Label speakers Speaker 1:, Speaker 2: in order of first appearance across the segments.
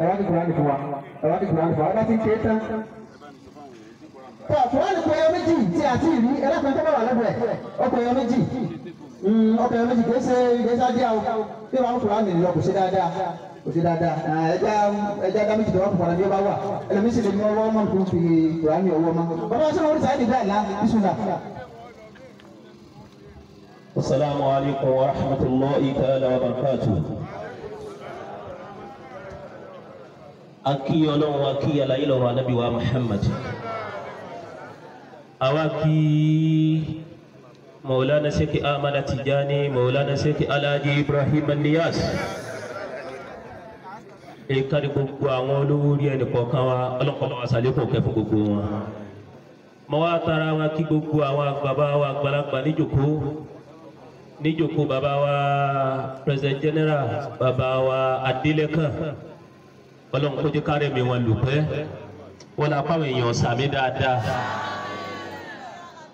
Speaker 1: ẹ wá ní kùránì fún wa ẹ wá ní kùránì fún wa ẹ bá ti ń ṣe é tán. tọ́ kùránì kọ́ ẹyọ méjì tí a ti rí ẹlẹ́kùnrin tó bá wà lẹ́bù ẹ̀ ọkọ̀ ẹyọ méjì ọkọ̀ ẹyọ méjì kìí ṣe ìgbésí adé àwọn bí wọn kùránì lọ kò ṣe dáadáa kò ṣe dáadáa ẹja ẹja dá méjì tó wà kùránì bí ó bá wà ẹlẹ́mí sì lè mú ọwọ́ mọ́ nǹkan fi kùránì ọwọ́ mọ́ bàbá wa sọ́nà oríṣi àyẹ̀dẹ̀ àlá bísúnà.
Speaker 2: Assalamu alaikum wa rahmatullahi ta'ala wa Aki ọlọ́run Aki alayé lọ́rọ̀ anábì wa muhammad Awa ki maulana seki amala tijani maulana seki alhaji ibrahim niyas ìkàrí gbogbo àwọn olówó rí ẹnì kọ̀ọ̀kan wa ọlọ́kọ̀ọ́lọ́ àṣàlékò kẹ́ fún gbogbo wọn mo wá tara wa kí gbogbo àwọn àgbàbá wa àgbàlagbà níjòkó níjòkó bàbá wa president general bàbá wa adélẹ́kàn ọlọ́run kó jẹ́ kárẹ̀ mi wọn lò pẹ́ wọ́n la pàwọn èèyàn sàmì dáadáa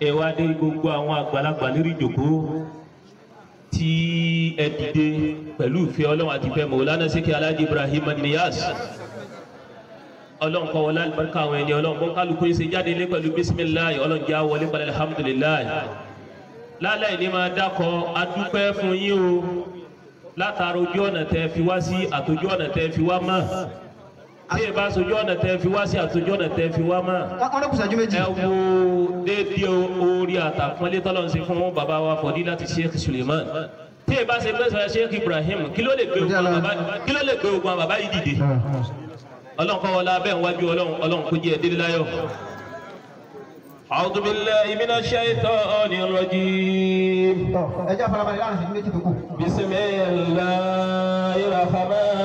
Speaker 2: ẹ wá dé gbogbo àwọn àgbàlagbà lérí ìjòkó tí ẹ dìde pẹ̀lú ìfẹ́ ọlọ́run àti ìfẹ́ mọ̀ọ́lánà sékè alájí Ibrahim Niyas ọlọ́run kọ́ wọlé alibarika àwọn ẹni ọlọ́run kọ́ kálukú ṣe jáde lé pẹ̀lú bisimilayi ọlọ́run já wọlé pẹ̀lú alihamudulilayi lálẹ́ ìní máa dákọ̀ adúpẹ́ fún yín o látara ojú ọ̀nà tẹ́ fi wá sí àtòjú ọ̀nà tẹ́ fi wá mọ́ tí ẹ bá sojú ọ̀nà tẹ́ fi wá sí àsojú ọ̀nà tẹ́ fi wá mọ́. ẹ wo déédéé orí àtàkùnlé tọ́lọ̀ ń fún bàbá wa fọ̀dí láti Sheikh Suleiman tí ẹ bá ṣe pẹ́sẹ̀ Sheikh Ibrahim kí ló lè gbé ogun bàbá yìí dìde ọlọ́run kọ́ wọlé abẹ́ ìwájú ọlọ́run ọlọ́run kó jẹ́ ẹ délé láyọ̀. A'udhu billahi minash shaitanir rajim. ẹ jẹ́ àfọlábalẹ̀ láàrin ìṣẹ́jú méjì tó kù. Bismillahir rahmanir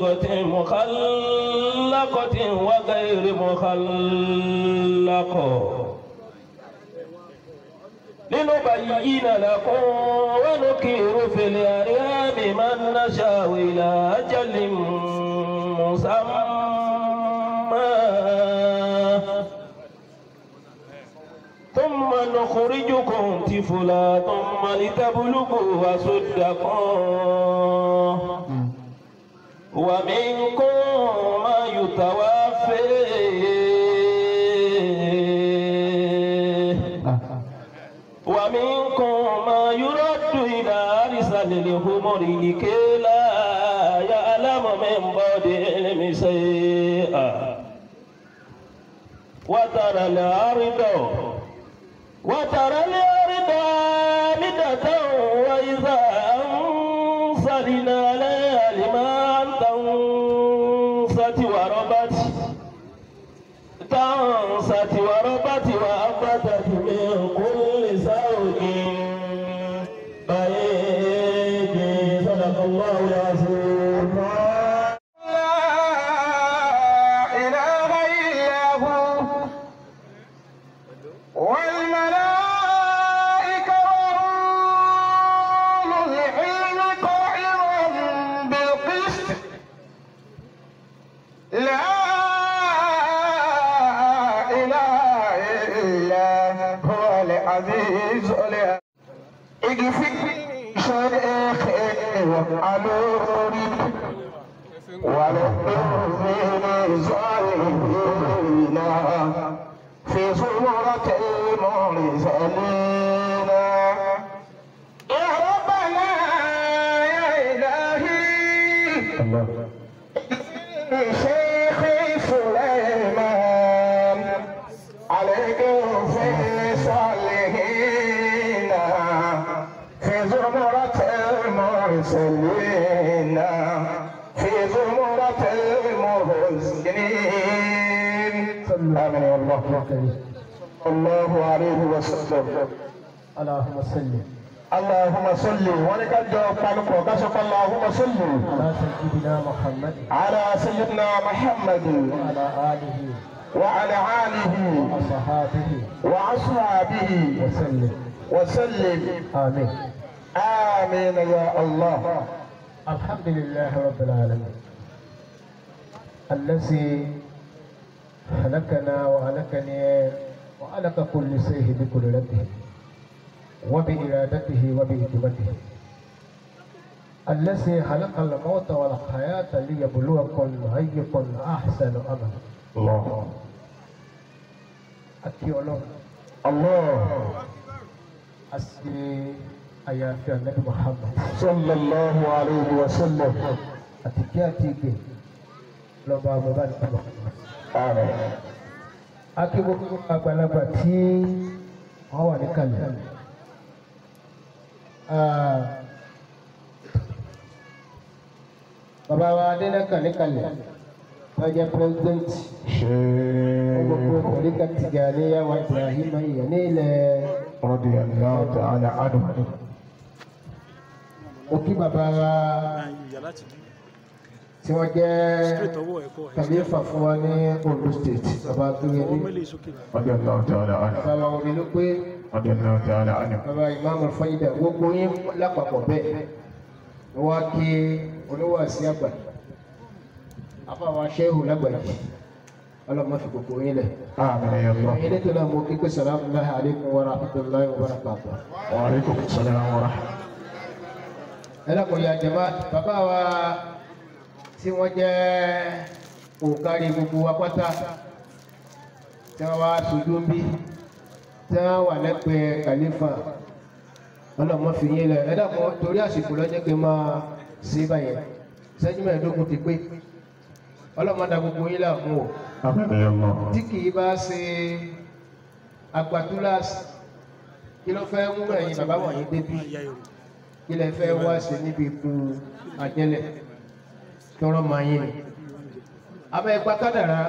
Speaker 2: صيغة مخلقة وغير مخلقة لنبين لكم ونكير في الأريام من نشاء إلى أجل مسمى ثم نخرجكم طفلا ثم لتبلغوا وصدقا ومنكم ما يتوفي ومنكم ما يرد إلى أرسل الأمور لكي لا يعلم من بعد علم شيئا وترى الأرض وترى الأرض مدة وإذا أنصرنا
Speaker 1: المرسلين في زمرة
Speaker 3: المحسنين آمين يا الله الله عليه وسلم اللهم صل اللهم صل ولك الجواب قالك وكشف اللهم صل على سيدنا محمد على سيدنا محمد وعلى آله وعلى آله وصحابه وأصحابه وسلم وسلم آمين
Speaker 1: آمين
Speaker 3: يا الله الحمد لله رب العالمين الذي خلقنا وخلقني وخلق كل شيء بقدرته وبإرادته وبحكمته الذي خلق الموت والحياة ليبلوكم أيكم أحسن أمل الله أكي الله الله أسي àyàfi ànábì Muhammad. sallallahu alayhi wa sallam. àti kí á ti gbè lọ́ba bàbá àti bàbá. akébókò àgbàlagbà tí wọ́n wà ní kàlẹ́. bàbá wa adélékà ní kàlẹ́ lọ́jọ́ president gbogbo tẹ̀lé kàtìgà ní yàwá Ibrahim ìyẹn ní ilẹ̀. rọ́dìyàn náà tẹ̀ ẹ́ ní àdùn mo kí bàbá wa tí wọ́n jẹ́ kàbíyèfà fún wa ní Ondo state bàbá Adúyẹmí ọdún náà tẹ́ ọ̀la ọ̀la bàbá wọn mi ló pé ọdún náà tẹ́ ọ̀la ọ̀la bàbá ìmáàmù fayida gbogbo yín lápapọ̀ bẹ́ẹ̀ ni wọ́n á kí oníwàásí àgbà àfàwọn aṣẹ́hù lágbàdì ọlọ́mọ fi gbogbo yín lẹ̀. ẹ̀yin ní tọ́lá mo kí pé salamu alaykum wa rahmatulahi wa barakatuh. wa aleykum salaam wa rahmatulahi ẹlẹ́kùn ya jẹ̀má bàbá wa tí wọ́n jẹ́ òǹkarí gbogbo apáta tí wọ́n wá sojú ń bí tí wọ́n wà lẹ́gbẹ̀ẹ́ kàlífà ọlọ́mọ fi yín lẹ ẹlẹ́kùn torí àsìkò lọ́jọ́ pé máa ṣe báyẹn sẹ́jú mẹ́ẹ̀ẹ́dógún ti pé ọlọ́mọdà gbogbo yín làwọn o tí kì í bá ṣe agbátúláàsì kí ló fẹ́ mú ẹ̀yin bàbá wọ̀nyí débi kí lẹ fẹ́ wá sí níbi ikú ajẹ́lẹ̀ kí wọ́n máa yín ni. abẹ́ ipa kádàrá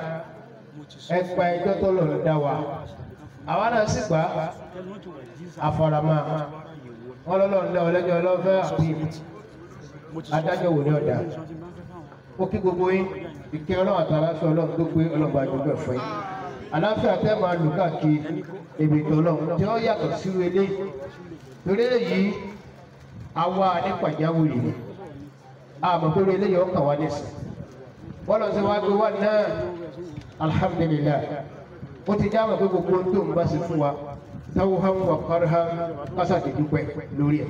Speaker 3: ẹ pa ẹjọ́ tó lọ dá wa àwa náà sì gbà àfàràmà wọn lọ́lọ́ ń lé ọlẹ́jọ́ ọlọ́fẹ́ àbí adájọ́ wò ní ọ̀dà ó kí gbogbo yín ìkẹ́ ọlọ́run àtàrà sọ ọlọ́run tó gbé ọlọ́ba àjọyọ̀ fún yín àlàáfíà tẹ́ máa lù káàkiri èbìtì ọlọ́run tí wọ́n yàtọ̀ sí eléyìí torí èyí awa ní pàjáwìrì àmọ́ pé eléyìí ọkàn wa ní sùn bọ́lá ṣe wáá gbé wá náà alhamdulilayi ó ti já àmọ́ pé gbogbo ohun tó ń bá ṣe fún wa tawuhan wa karhan kásàtì dúpẹ́ lórí ẹ̀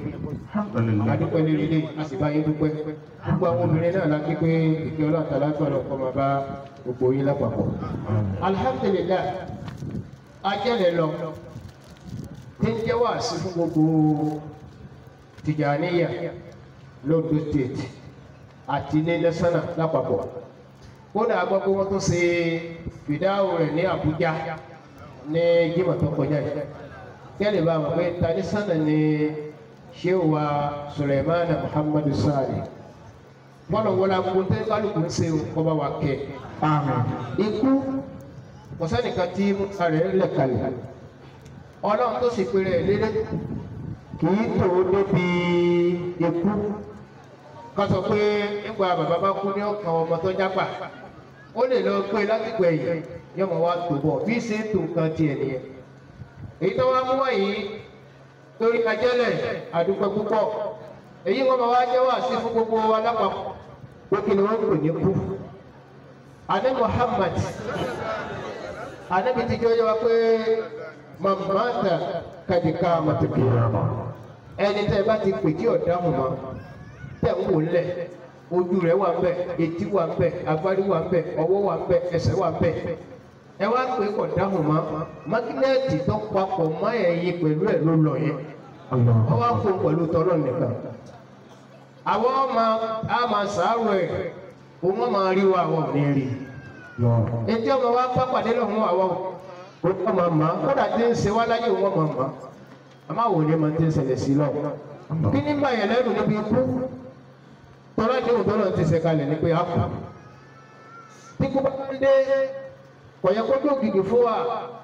Speaker 3: adúpẹ́ lórí ilé àsìbáyé dúpẹ́ gbogbo àwọn obìnrin náà la kí pé ìpín ọlọ́ọ̀tà látọ̀ lọ́kọ́ máa bá gbogbo yín lápapọ̀ alhamdulilayi ajẹ́lẹ̀ lọ tí ń jẹ́ wàásù fún gbogbo tijaniya londo state àti ní national lápapọ̀ kódà gbọ́ pé wọ́n tún ṣe fìdáwò rẹ̀ ní Abuja ní jimá tó kọjá yìí kẹ́lẹ̀ bá wà pé tani sànà ni ṣéwù wa Suleiman Muhammadu Sani bọ́lá wọlé agbóntẹ́ kálukú ń ṣe kọ́ba wa kẹ́ ikú kọ̀sẹ́nìkan tí ààrẹ lẹ̀ kalẹ̀ ọlọ́run tó sì péré lédè kì í tò ó débi ikú ká sọ pé nígbà bàbá bá kú ní ọkàn ọmọ tó jápa ó lè lọ pé lásìkò ẹ̀yìn yọmọ wa tó bọ̀ bí ṣe tó nǹkan tiẹ̀ nìyẹn èyí tó wá mú wáyé torí ajẹ́lẹ̀ àdúgbò púpọ̀ èyí wọn bá wá jẹ́ wá sí fún gbogbo wa lápapọ̀ pé kí ni wọ́n kò ní kú àdé Muhammad àdé mi ti jẹ́ ọjọ́ pé. màmáta kàdíkà màtòkìyàmà ẹni tẹ́ ẹ bá ti pè tí ọ̀dáhùn mọ́ ń wò ojú rẹ wà ń etí wà ń agbárí wà ń bẹ̀ wà ń bẹ̀ wà ń ẹ wá pé kò dáhùn mọ́ mágínẹ́ẹ̀tì tó papọ̀ mọ́ ẹ̀ ló lọ yẹn ọ wá fún pẹ̀lú tọ́lọ̀ nìkan àwọn ọmọ wa wọ́n máa ma kódà tí ń ṣe wá láyé wọ́n máa ma àmọ́ àwọn òní máa ti ń ṣẹlẹ̀ sí lọ. kí ní bá yẹn lẹ́rù níbi ikú tọ́lá ní òótọ́ náà ti ṣe kalẹ̀ ní pé a kú. bí kú bá ń dé kò yẹ kó dògidì fún wa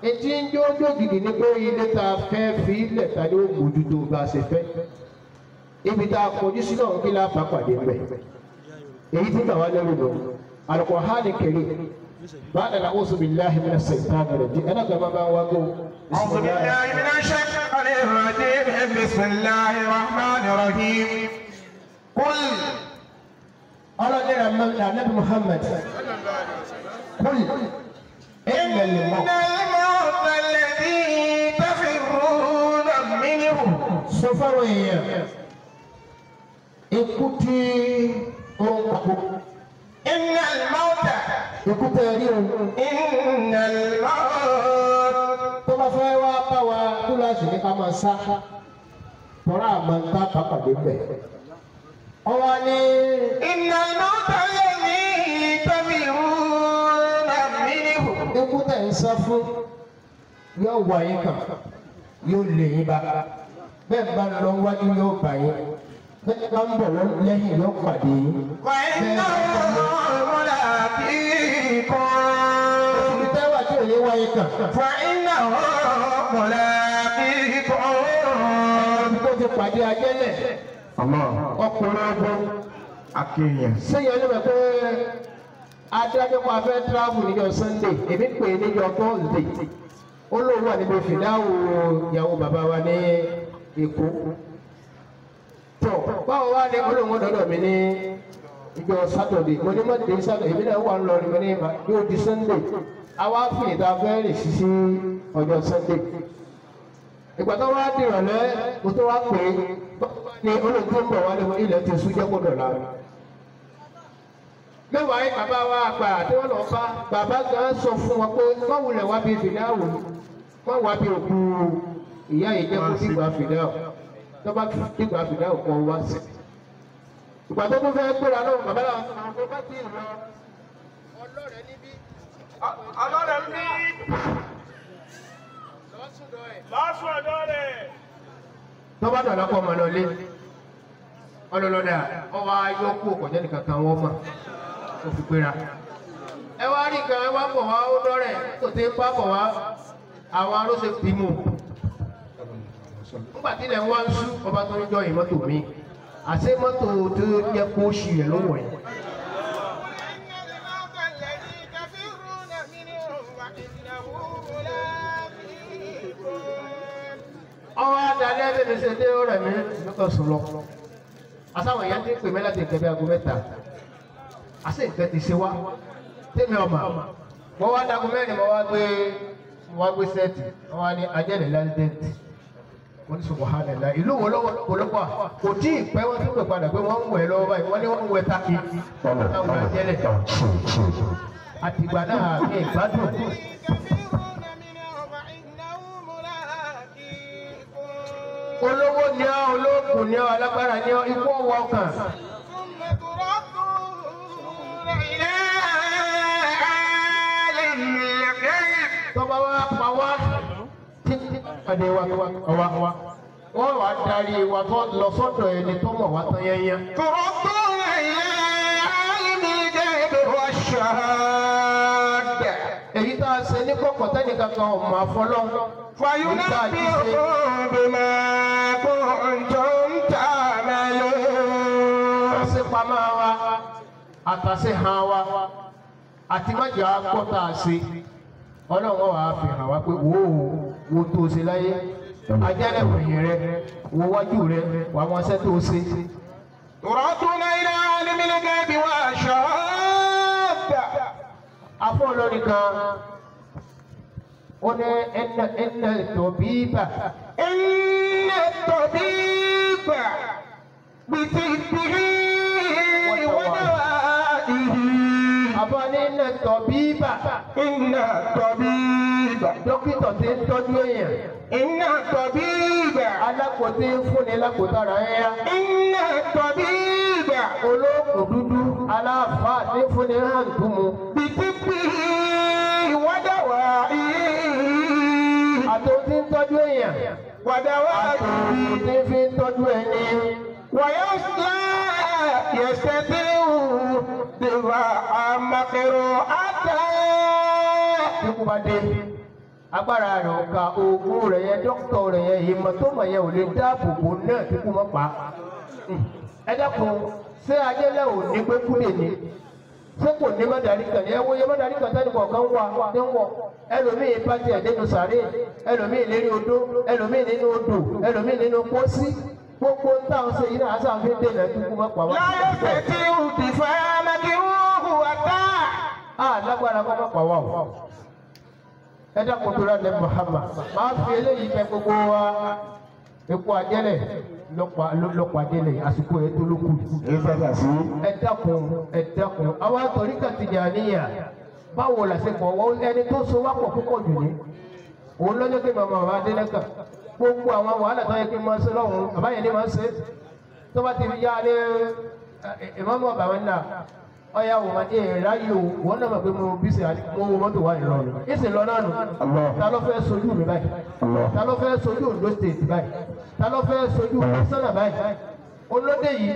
Speaker 3: etí ń jó dògidì ní pé ilé ta fẹ́ fi ilẹ̀ ta ni ó mójútó bá a ṣe fẹ́. ibi tá a kọjú sí náà kí lápá pàdé bẹ̀. èyí ti tàwa lẹ́rù lọ alukọ̀ hánì kéré. بعد أعوذ بالله من الشيطان الرجيم أنا ما وقو أعوذ بالله من الشيطان الرجيم بسم الله الرحمن الرحيم قل أنا جل النبي محمد قل إن الموت الذي تفرون منه سفرية إكتي إن الموت ikú tẹ rí o. iná lọ. tó bá fẹ́ wá bá wa kú láti ní ká máa sá tọ́ra àmọ́ ń tá pàpàdé bẹ̀. ọwọ́ ni. iná ló tẹ̀lé mi tóbi rún àmì nìhù. ń sá fún yóò wà yín kàn yóò lè yín bá bẹ́ẹ̀ bá lọ wájú yóò bá yín bẹ́ẹ̀ bá ń bọ̀ lẹ́yìn yóò pàdé yín. wàá ń náwó mọ́lá kí kọ́. Òṣèlú Ọkùnrin ọgbọ́n. Akéèyàn. Séyàn ló pé adájọ́ pa fẹ́ tíráfù níjọ́ Sunday, èmi pè é níjọ́ Thursday. Ó lóun wà níbi fìdáwò ìyàwó bàbá wa ní Èkó. Tọ́ báwo wá ní olóhùn ọ̀dọ́dọ̀ mi ní ìjọ sátọ̀dé mo ní mọ̀tẹ́ sátọ̀dé èmi náà wà ń lọ ní yóò di sunday àwa fi ìta fẹ́ rìn sí sí ọjọ́ sunday ìgbà tó wá dìrọ̀lẹ́ mo tó wá pè é ní olóògbé ń bọ̀ wá lé wọn ilẹ̀ ti sún jẹ́ gbọ́dọ̀ la mẹ́wàá yìí bàbá wa àgbà tí wọ́n lọ bá bàbá gan sọ fún wọn pé mọ̀wulẹ̀ wá bí fìdáwò mọ̀wá bí òkú ìyá yìí dìgbà fìdáwò tó dìgbà fìdáwò kan wá sí ìgbà tó tún fẹ́ gbéra lóhùn bàbá làwọn sọ̀rọ̀ pé bá ti lọ. ọlọ́rẹ̀ níbí. ọlọ́rẹ̀ níbí. lọ́sùndọ̀ ẹ̀. lọ́sùndọ̀ rẹ̀. tọ́ba dọ̀lá pọ̀ mọ́ lọ lé ọlọ́lọ́dà ọwọ́ ayọ́kú òkòjẹ́ nìkan kan wọ́n mọ̀ kó fi gbéra. ẹ wá rí nǹkan ẹ wá bọ̀ wá ó lọ́rẹ̀ kò tẹ́ bá bọ̀ wá àwọn arósè bímọ. nígbà tí ilẹ̀ ń wá ń sú ọba tó ń jọ ìmọ́tò mi àṣé mọ́tò tó jẹ́ kó ṣì rẹ̀ ló wọ̀ yẹn. ọwọ́ adalẹ́ bí mi ṣe dé ọ̀rẹ́ mi nípa sùn lọ. asáwọn èèyàn ti pè mí láti nǹkan bí aago mẹ́ta àṣé nǹkan ti ṣe wá tèmi ọmọ mo wá dagun mẹ́rin mo wá gbé mo wá gbé sẹ́ẹ̀tì mo wá ní ajẹ́rìí lẹ́ńdẹ́ǹtì wọ́n ní sọ̀kọ̀ hàn ẹ̀la ìlú wo lọ́wọ́ ọ̀pọ̀lọpọ̀ kò tí ì pẹ́ wọ́n tún pè padà pé wọ́n ń wẹ̀ lọ́wọ́ báyìí wọ́n ní wọ́n ń wẹ̀ tákì táwọn àjẹlẹ̀ àtìgbà náà ní ìgbádùn. olówó ni ọ́ olóògùn ni ọ́ alágbára ni ọ́ ikú ọ̀wọ́ kan. kọ́dé wá wá wá wọ́n wá darí wa tó lọ sọ́dọ̀ ẹni tó mọ̀ wá tán yẹ́nyẹ́. tòrótò ẹ̀yẹ alìmíjẹ́ ìbẹ̀rù aṣááàdà. èyí tá a ṣe ní kọ̀kọ̀ tẹ́nì kankan ọ̀mọ̀ àfọlọ́. fàyúnà bí òbímọ kò ń jọ ń tà mẹ́lẹ́. àṣepamọ́ wa àtàṣe hàn wa àti májà gbọ́ta ṣe ọlọ́run wàá fi hàn wá pé wò wo tó o ṣe láyé ajálẹ̀ wòye rẹ wo wájú rẹ wà wọn ṣẹ́ tó o ṣe. rọ́túnà ilé alimílẹ̀ gẹ́bí wà ṣọ́ọ́bà. afọ́ olórin kan ó ní ẹnà ẹnà tòbí bà. ẹnà tòbí bà bìtìbìrì. iná tọ̀bíbà. iná tọ̀bíbà. dókítà tí ń tọ́jú èèyàn. iná tọ̀bíbà. alákò tí ń fúnni lákòtara yẹn. iná tọ̀bíbà. olóògùn dúdú aláàfáà tí ń fúnni hàn túmù. bìtìpì ìwádà wà yìí. àtò tí ń tọ́jú èèyàn. wàdà wà yìí. àtò tí ń tọ́jú ẹni. wàyà sùn yẹsẹ̀ tí ń wù àpérò àtẹ. ikú bá dé agbára rẹ̀ ò ka oògùn rẹ̀ yẹ dókítà rẹ̀ yẹ ìmọ̀ tó mọ̀ yẹ ò lè dáàbò bò náà ikú mọ̀ pa. Hmm. ẹ dẹ́kun ṣé ajẹ́lẹ̀ ò ní pé kúlè ni ṣé kò ní mọ́dàrí kan ẹ wo yẹ mọ́dàrí kan sẹ́ni kọ̀ọ̀kan wà ní wọ̀ ẹlòmíì bá tiẹ̀ nínú sàárè ẹlòmíì lérí odó ẹlòmíì nínú odò ẹlòmíì nínú pósí gbogbo ń tà ń ṣe yìí náà aṣáájú dènà ikú mọ̀ pa wá. láyé fẹ́ tí ó ti fẹ́ alágbára ah, kọ́kọ́ pa wá o ẹ dákun tó rà lẹ Muhammad máa fi eléyìí kẹ gbogbo wa epo àjẹlẹ lọpọ àjẹlẹ àsìkò ẹ tó ló kù. ẹ dákun ẹ dákun àwa àtọ̀rí kàtìjà níyà báwo làṣepọ̀ wọ́n ẹni tó so wá pọ̀ púpọ̀ jù ní òun lọ́jọ́ pé màmá bàbá adélẹ́kà gbogbo àwọn wàhálà tó yẹ kí n máa ṣe lọ́hùn-ún àbáyẹ̀lẹ́ máa ń ṣe tó bá ti yá ni ìmọ̀mọ́ bàbá ńlá ọyá wò máa ee eh, ráyè o wọn náà mọ̀ pé mo bí sèwádìí mo wo mọ́tò wà nìlọrin èsì lọ náà nù ta ló fẹ́ sojú mi báyìí ta ló fẹ́ sojú Ondo state báyìí ta ló fẹ́ sojú sọ́nà báyìí olóde yìí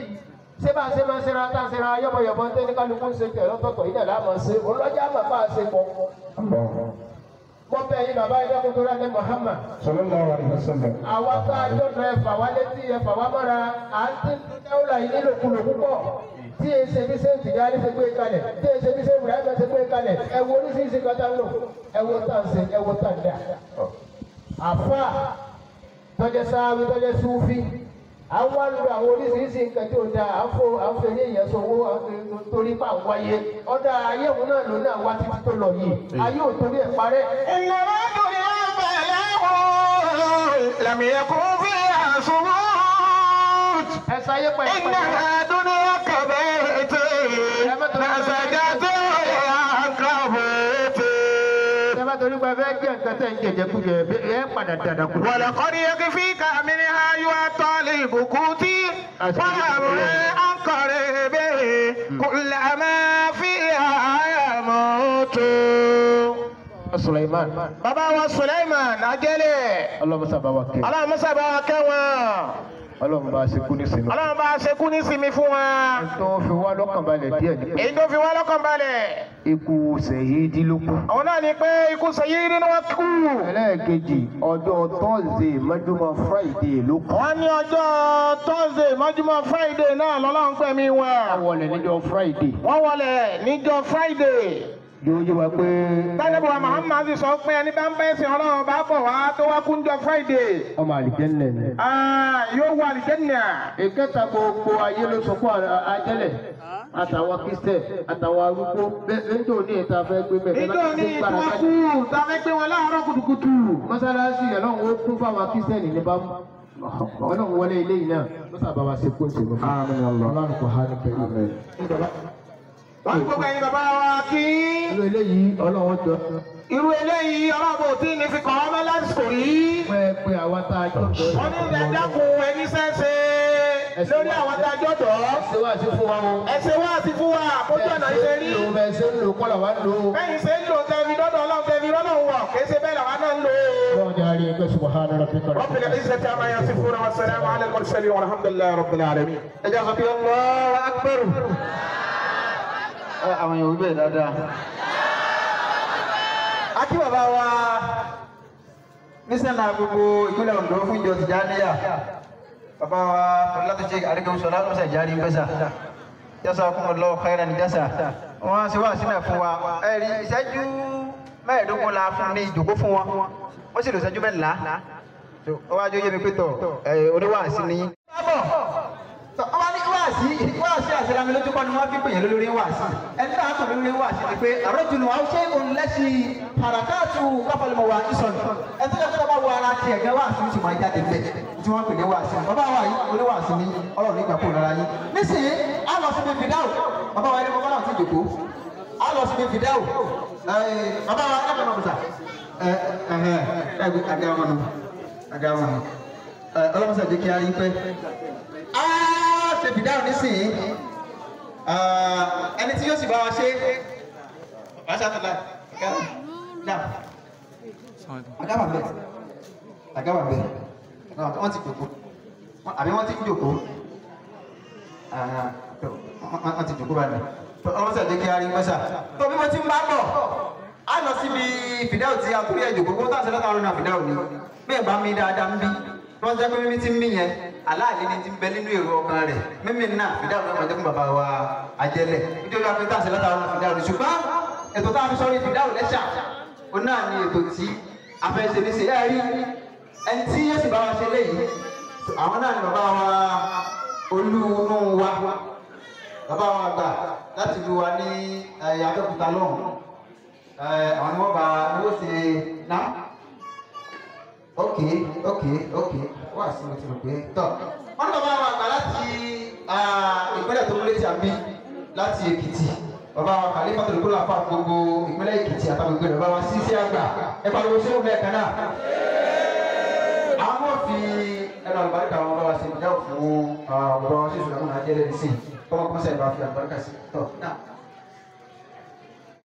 Speaker 3: ṣé bá a ṣe máa ń ṣera tá a ṣera yọmọyọmọ ń tẹ́lẹ̀ kálukú ń ṣe tẹ̀ lọ́tọ̀ọ̀tọ̀ yìí dàda máa ṣe olójà máa bá a ṣe pọ̀ mọ́tẹ́ yìí bàbá yìí lọ́kùnrin rẹ̀ ní Muhammad. sallallahu alaihi wasallam. àwa tá a jọ lọ ẹ̀fà wa létí ẹ̀fà wa mọ́ra à ń tí ń dúdú náà yìí nílòkulò púpọ̀ tí e ṣe bí sẹ́yìn tìjà ní ṣe gbé kalẹ̀ tí e ṣe bí sẹ́yìn ìbùrẹ́ ṣe gbé kalẹ̀ ẹ wo oríṣiríṣi kan tá ń lò ẹ wo tá ṣe ẹ wo tá dà. àfa tọ́jẹ́ sááwí tọ́jẹ́ súnfí àwọn àlùdò àwọn oríṣiríṣi nǹkan tí ò da àfọ àfẹyẹ yẹn sọwọ torí pa wáyé ọdọ ayéwu náà ló náà wá títí tó lọ yìí ayé ò torí ẹ parẹ́. ìlànà ìdòdì àgbà ẹ̀yà wò ó kò fi àṣùwọ̀n ẹ sáyé pẹ̀lú pẹ̀lú. iná àdúrà kọ̀bẹ̀ ètè nàṣàjà tó yẹ àkàbọ̀ ètè. sábà torí kúlẹ̀ máa fi àyàmọ́ tó. Bàbá wa Suleiman, ajẹ́lẹ̀. Ọlọ́mọ sábà wa wa kẹ́ wọn ọlọ́run bá ṣe kú ní sinmi. ọlọ́run bá ṣe kú ní sinmi fún wa. èyí tó fi wá lọ́kàn balẹ̀ díẹ̀ ni. èyí tó fi wá lọ́kàn balẹ̀. ikú sẹ̀yídì ló kú. àwọn náà ni pé ikú sẹ̀yídì ni wọ́n kú. ẹlẹ́ẹ̀kejì ọjọ́ tọ́sídẹ̀ẹ́ mọ́júmọ́ fúráìdè ló kú. wọ́n ní ọjọ́ tọ́sídẹ̀ẹ́ mọ́júmọ́ fúráìdè náà lọ́lọ́run pẹ̀mí wọn. wọ́n wọlé níjọ́ fúráìdè. wọ́n wọlé níjọ́ fúráìdè yóò yé wa pé. tálẹ́bù wa Muhammadu sọ pé ẹni bá ń bẹ́ sin ọlọ́run bá bọ̀ wá tó wá kúndọ̀ Friday. ọmọ àlìjẹ́nẹ̀ ni. yóò wọ àlìjẹ́nẹ̀. ìkẹta gbogbo ayé ló sọ fún ajẹ́lẹ̀ àtàwọn kristẹ àtàwọn arúgbó bẹ́ẹ̀ ní òní ìta fẹ́ gbé bẹ́ẹ̀. ìjọ ní ìtura kú ta fẹ́ gbé wọn láàárọ̀ kùtùkùtù. mọ́sálásí ọlọ́run ó kún fáwọn kristẹni ní bámu ọlọ́run wọlé ilé yìí náà ló sábà wá sí kóńtì lọ́fà. ọlọ́run kò há ní pẹ̀lú rẹ̀ wọ́n gbogbo ẹ̀yin bàbá wa kí. irú eléyìí ọlọ́wọ́ jọ. irú eléyìí ọlọ́wọ́ tí ní fi kàn ọmọ lásìkò yìí. pẹ́ pé àwa tá a jọ jọ. wọ́n ní ìdájákun ẹni sẹ́sẹ̀ lórí àwọn tá a jọ jọ. ẹ ṣe wá sí fún wa o. ẹ ṣe wá sí fún wa àkójọ ọ̀nà ìṣe rí. ẹ ṣe ń lò bẹ́ẹ̀ ṣe ń lò kọ́ làwa ń lò. bẹ́ẹ̀ ṣe ń lò tẹ̀mí dọ́dọ̀ ọlọ́run tẹ̀mí rọ́lọ́run wọ̀ kì bẹ́ẹ̀ làwa náà ń lò.
Speaker 1: رب àwọn èèyàn wíbẹ̀ dáadáa. akí bàbá wa mísànà gbogbo ìpínlẹ̀ Ondo fún ìjọ Tìjàníyà bàbá wa fọlátúnṣe àríkàwùsọ lálùsà ìjáde ń fẹsà jazakumullahu khairan jasa wọn sì wá sílẹ̀ fún wa ẹ̀rí ìṣẹ́jú mẹ́ẹ̀ẹ́dógún la fún ní ìjókòó fún wọn wọ́n sì lò ìṣẹ́jú mẹ́ẹ̀ẹ́lá wọ́n wá jó yé mi pé tọ̀ oníwàásí ni wáàsí wáàsí àṣírami lójú kan ni wọ́n fi pèyàn lórí wáàsí ẹni tá a kàn lórí wáàsí ni pé àròjùnú àwòṣe òǹlẹ́sì àràkáàtù káfọ́lùmọ̀ wà ìsọ̀nù ẹni tó yẹ kó wá ara tiẹ̀ gẹ́ wáàsí ti máa jáde bẹ́ẹ̀ tí wọ́n pè ní wáàsí bàbá wa yìí orí wáàsí ni ọlọ́run ìgbà kó lára yín nísìnyí a lọ síbi fìdáwò bàbá wa ẹni mọ́kànlá àti ìjòkó a lọ síbi fìdáwò bàbá wa ẹni mọ́kànlá àgbà wọn àgbà wọn ọlọ́run sàdékì ayé ṣe fìdáhùn nísìnyí uh, ẹni tí yóò sì bá wa ṣe aṣáàtúlá agaba bẹ agaba bẹ wọ́n ti jòkó àbí wọ́n ti ń jòkó wọ́n ti jòkó báyìí ọmọ sàdé kí a rí mọ́sà tó bí mo ti ń bá bọ̀ á lọ síbi fìdáhùn tí a kúrò ẹ̀jọ̀ gbogbo tá a ṣe lọ́ta náà fìdáhùn ni bẹ́ẹ̀ bá mi dáadáa ń bí wọ́n jẹ́ pé mímí ti ń mí yẹn aláàlí ni ti ń bẹ nínú èrò ọkàn rẹ̀ mímì náà fìdáwò náà máa jẹ́ fún bàbá wa ajẹ́lẹ̀ nítorí wọn fi tá àṣẹ látara wọn fìdáwò ṣùgbọ́n ètò tá a fi sọ́rí fìdáwò lẹ́ṣà ó náà ní ètò tí afẹ́sẹ̀lẹ́sẹ̀ yá rí ẹni tí yóò sì bá wa ṣe léyìí àwọn náà ni bàbá wa olúwunú wa bàbá wa gbà láti lu wa ní Abẹ́òkúta lọ́hùn àwọn ni wọ́n bá owó ṣe náà ok ok ok wá sí mo ti mọ̀ pé tọ̀. wọ́n ní bàbá wa kà láti ìpínlẹ̀ tó múlẹ̀ tí a bí láti Èkìtì bàbá wa kà lẹ́fà tó lè kó lọ́ọ́ fà gbogbo ìpínlẹ̀ Èkìtì àtàgbègbè rẹ̀ bàbá wa sí sí àgbà ẹ pariwo sí òun lẹ́ẹ̀kan náà. àwọn fi ẹnu àlùbáríkà wọn bá wa ṣe ìjà òfin wọn bàbá wa ṣe ìṣúná mọ́ná ajẹ́lẹ́